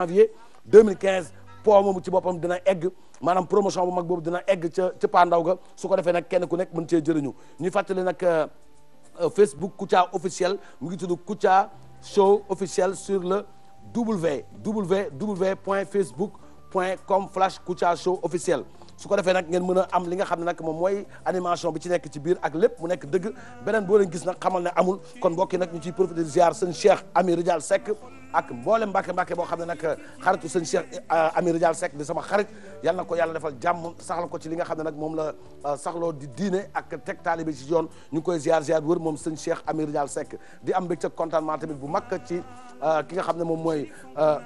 janvier 2015 po moomu ci boppam dina egg maanaam promotion bu mag boobu dina egg ca ca pandaw ga su ko defee nag kenn ku nekk mën cee jëriñu ñu fàttali nag euh, euh, Facebook Kouthia officiel mu ngi tudd Kouthia show officiel sur le w w w point facebook point com flash Kouthia show officiel su ko defee nag ngeen mën a am li nga xam ne nag moom mooy animation bi ci nekk ci biir ak lépp mu nekk dëgg beneen boo leen gis nag xamal ne amul kon mbokk yi nag ñu ciy profité ziar sëñ Cheikh Ami Ridial Seck ak mboolem mbàkke mbàkke boo xam ne nag xaritu sëñ Cheikh eh, Ami Ridial Seck di sama xarit yal ko yàlla defal jàmm saxal ko ci li nga xam ne nag moom la eh, saxloo di diine ak teg taalibe ci yoon ñu ngi koy ziar wër moom sëñ Cheikh Ami Ridial Seck di am mbégte contentement tamit bu mag ci eh, ki nga xam ne moom mooy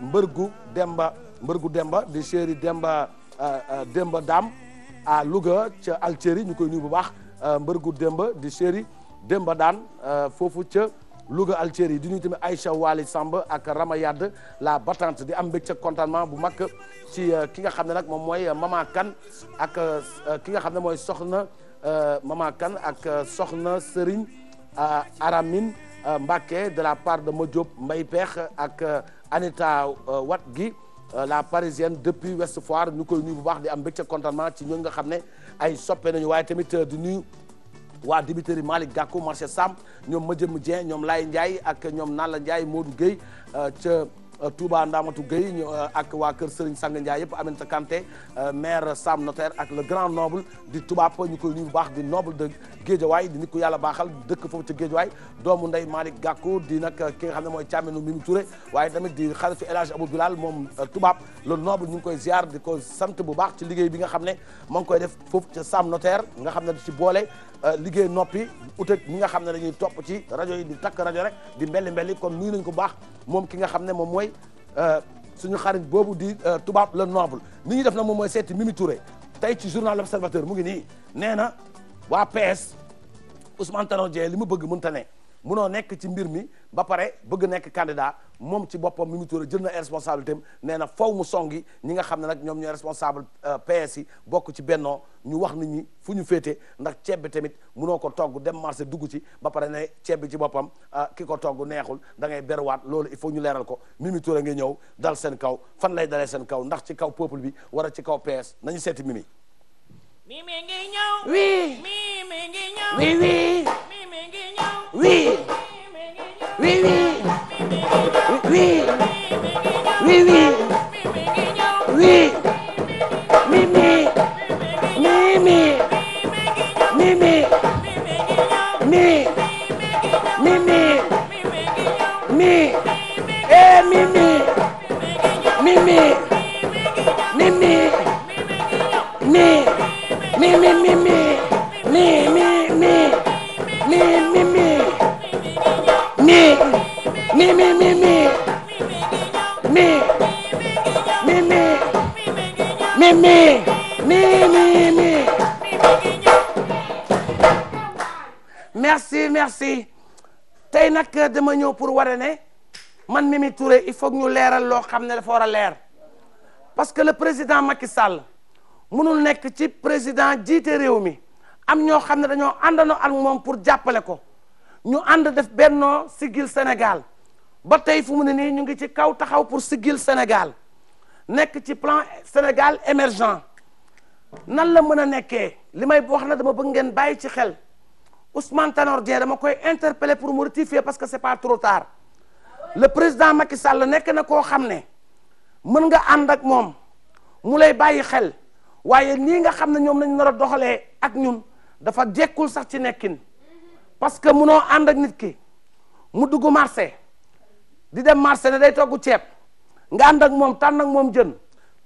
mbërgu Demba mbërgu Demba di chéri Demba Euh, euh, Demba Dam à Louga ca Algérie ñu koy nuyu bu baax euh, mbërgu Demba di chéri Demba Daan foofu ca Louga Algérie di nuyu tamit Aïcha Wali Samba ak Rama Yade la batante di am ca contentement bu mag ci ki nga xam ne nag moom mooy Mama Kan ak ki nga xam ne mooy soxna Mama Kan ak soxna Serigne Aramine Mbacké de la part de Madiop mbay Peex ak Anita Wat gi Euh, la parisienne depuis Ouest Foire ñu koy nuyu bu baax di am a contentement ci ñooñu nga xam ne ay soppe nañu waaye tamit euh, di nuyu waa dibiteri Malick Gakou marché Sam ñoom Madiame Dieng ñoom Laye Ndiaye ak ñoom Nalla Ndiaye moo Gueye euh, ca Euh, Touba Ndamatu Gueye ñu euh, ak waa kër Serigne Sang Ndiaye yëpp Aminata Kanté euh, maire Sam Notaire ak le grand noble di tubaab ñu koy nuyu bu baax di noble de Guédiawaye di nit ku yàlla baaxal dëkk foofu ca waay doomu ndey Malick Gakou di nag ki nga xam ne mooy càmminu Mimi Touré waaye tamit di xaritu El Hadj Abou Bilal moom tubaab le noble ñu koy ziar di ko sant bu baax ci liggéey bi nga xam ne moo ngi koy def foofu ca Sam Notaire nga xam ne di ci boole Euh, liggéey noppi uteg ñi nga xam ne dañuy topp ci rajo yi di takk rajo rek di mbelli mbelli kon nuyu nañ ko baax moom ki nga xam ne moom mooy euh, suñu xarit boobu di euh, tubaab le noble ni ñuy def na moom mooy seeti Mimi Touré tey ci journal L'Observateur mu ngi nii nee na waa PS Ousmane Tanor Dieng li mu bëgg mënta ne munoo nekk ci mbir mi ba pare bëgg nekk candidat moom ci boppam Mimi Touré jël na responsabilité am nee na faw mu songi ñi nga xam ne nag ñoom ñooy responsable euh, PS yi bokk ci bennoo ñu wax ni ñi fu ñu féete ndax ceeb bi tamit munoo ko togg dem marché dugg ci ba pare ne ceeb bi ci boppam euh, ki ko togg neexul da ngay berwaat loolu il faut ñu leeral ko Mimi Touré nga ñëw dal seen kaw fan lay dalee seen kaw ndax ci kaw peuple bi wala ci kaw PS nañ seeti Mimi. me. Mimi, Mimi, Mimi. merci merci tey nag euh, dama ñëw pour ware ne man Mimi Touré il faut ñu leeral loo xam ne dafa war a leer parce que la président Macky sàll mënul nekk ci président jiite réew mi am ñoo xam ne dañoo àndandoo ak moom pour jàppale ko ñu ànd def bennoo siggil Sénégal ba tey fu mu ne nii ñu ngi ci kaw taxaw pour siggil Sénégal nekk ci plan Sénégal émergent nan la mën a nekkee li may wax na dama bëgg ngeen bàyyi ci xel Ousmane Tanor Dieng dama koy interpeller pour mu rectifier parce que c'est pas trop tard le président Macky Sall nekk na koo xam ne mën nga ànd ak moom mu lay bàyyi xel waaye nii nga xam ne ñoom lañu nar a doxalee ak ñun dafa jekkul sax ci nekkin parce que munoo ànd ak nit ki mu dugg marché di dem marché na day togg ceeb nga ànd ak moom tànn ak moom jën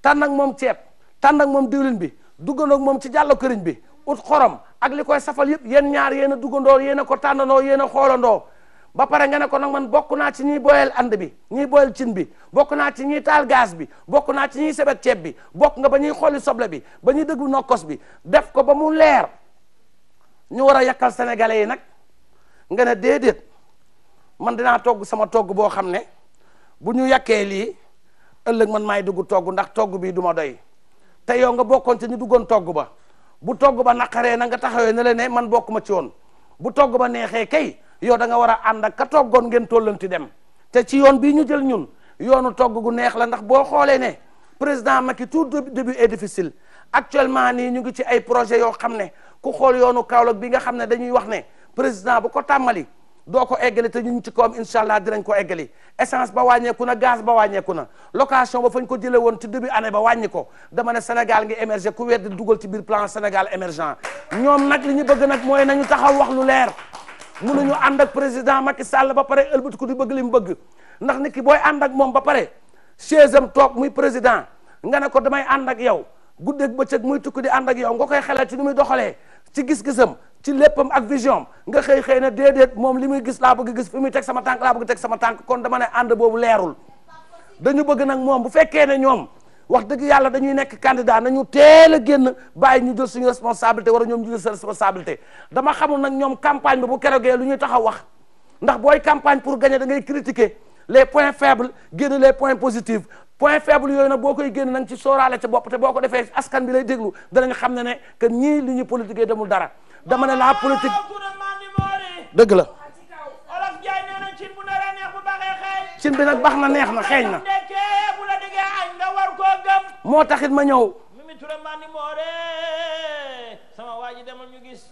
tànn ak moom ceeb tànn moom diwlin bi duggandoo ak moom ci jàll këriñ bi ut xorom ak li koy safal yëpp yéen ñaar yéen a duggandoo yéen a ko tànnandoo yéen a xoolandoo ba pare nga ne ko nag man bokk naa ci ñiy boyal and bi ñiy boyal cin bi bokk naa ci ñiy taal gaz bi bokk naa ci ñiy sebet ceeb bi bokk nga ba ñuy xooli soble bi ba ñuy dëggu nokkos bi def ko ba mu leer ñu war a yàkkal sénégalais yi nag nga ne déedéet man dinaa togg sama togg boo xam ne bu ñu yàkkee lii ëllëg man maay dugg togg ndax togg bii duma ma doy te yow nga bokkoon ci ñu duggoon togg ba bu togg ba naqaree na nga taxawee ne la ne man bokk ma ci woon bu togg ba neexee kay yow da nga war a ànd ak ka toggoon ngeen tollanti dem te ci yoon bii ñu jël ñun yoonu togg gu neex la ndax boo xoolee ne président Macky tout début est difficile actuellement nii ñu ngi ci ay projet yoo xam ne ku xool yoonu Kaolack bi nga xam ne dañuy wax ne président bu ko tàmmali doo ko eggali te ñun ci koom incha allah dinañ ko eggali essence ba wàññeeku na gaz ba wàññeeku na location ba fañ ko jëlee woon ci début année ba wàññi ko dama ne Sénégal ngi émerger ku weddi dugal ci biir plan Sénégal émergent ñoom nag li ñu bëgg nag mooy na ñu taxaw wax lu leer mun ñu ànd ak président Macky Sall ba pare ëlbati ko di bëgg li mu bëgg ndax nit ki booy ànd ak moom ba pare chaise am toog muy président nga ne ko damay ànd ak yow guddeeg bëccëg muy tukki di ànd ak yow nga koy xelal ci ni muy doxalee ci gis-gisam ci leppam ak vision nga xëy xëy na déedéet moom li muy gis laa bëgg gis fi muy teg sama tànk laa bëgg teg sama tànk kon dama ne ànd boobu leerul dañu bëgg nag moom bu fekkee ne ñoom wax dëgg yàlla dañuy nekk candidat nañu teel génn bàyyi ñu jël suñu responsabilité war a ñoom ñu jël seen responsabilité dama xamul nag ñoom campagne bi bu keroogee lu ñuy taxaw wax ndax booy campagne pour gagner da ngay critiquer les points faibles génn les points positifs point faible yooyu nag boo koy génn na nga ci sóoraale bopp te boo ko defee askan bi lay dana danañ xam ne ne que ñii li ñuy politique demul dara dama ne la politique dëgg la cin bi nag bax na neex na xeeñ na moo taxit ma ñëw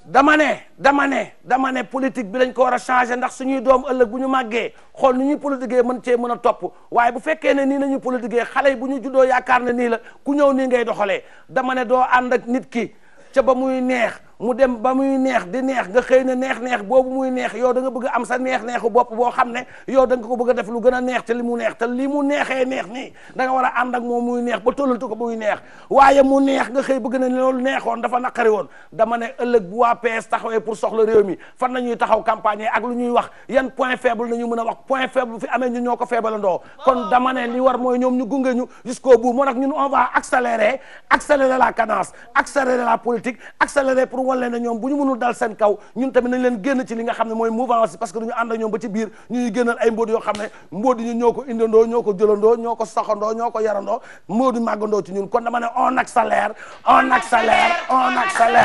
dama ne dama ne dama ne politique bi lañ ko war a changé ndax suñuy doom ëllëg bu ñu màggee xol nu ñuy politiquee mën cee mën a topp waaye bu fekkee ne nii la ñuy politiquee xale yi bu ñu juddoo yaakaar ne nii la ku ñëw nii ngay doxalee damane doo ànd ak nit ki ca ba muy neex mu dem ba muy neex di neex nga xëy na neex-neex boobu muy neex yow da nga bëgg am sa neex-neexu bopp boo xam ne yow da ko bëgg def lu gën a neex te li mu neex te li mu neexee neex nii da war a ànd ak moom muy neex ba tollantu ko muy neex waaye mu neex nga xëy bëgg na loolu neexoon dafa naqari woon dama ne ëllëg bu waa PS taxawee pour soxla réew mi fan na ñuy taxaw campagne ak lu ñuy wax yan point faible ñu mën a wax point faible fi amee ñu ñoo ko faiblandoo kon dama ne li war gunge ñu jusqu'au bout moo nag ñun la cadence accélérer la politique accélérer wan leen ne ñoom bu ñu mënul dal seen kaw ñun tamit nañ leen génn ci li nga xam ne mooy mouvance parce que duñu ànd ak ñoom ba ci biir ñuy génnal ay mbóot yoo xam ne mbóot yi ñu ñoo ko indandoo ñoo ko jëlandoo ñoo ko saxandoo ñoo ko yarandoo mbóot yi màggandoo ci ñun kon dama ne on accélère on accélère on accélère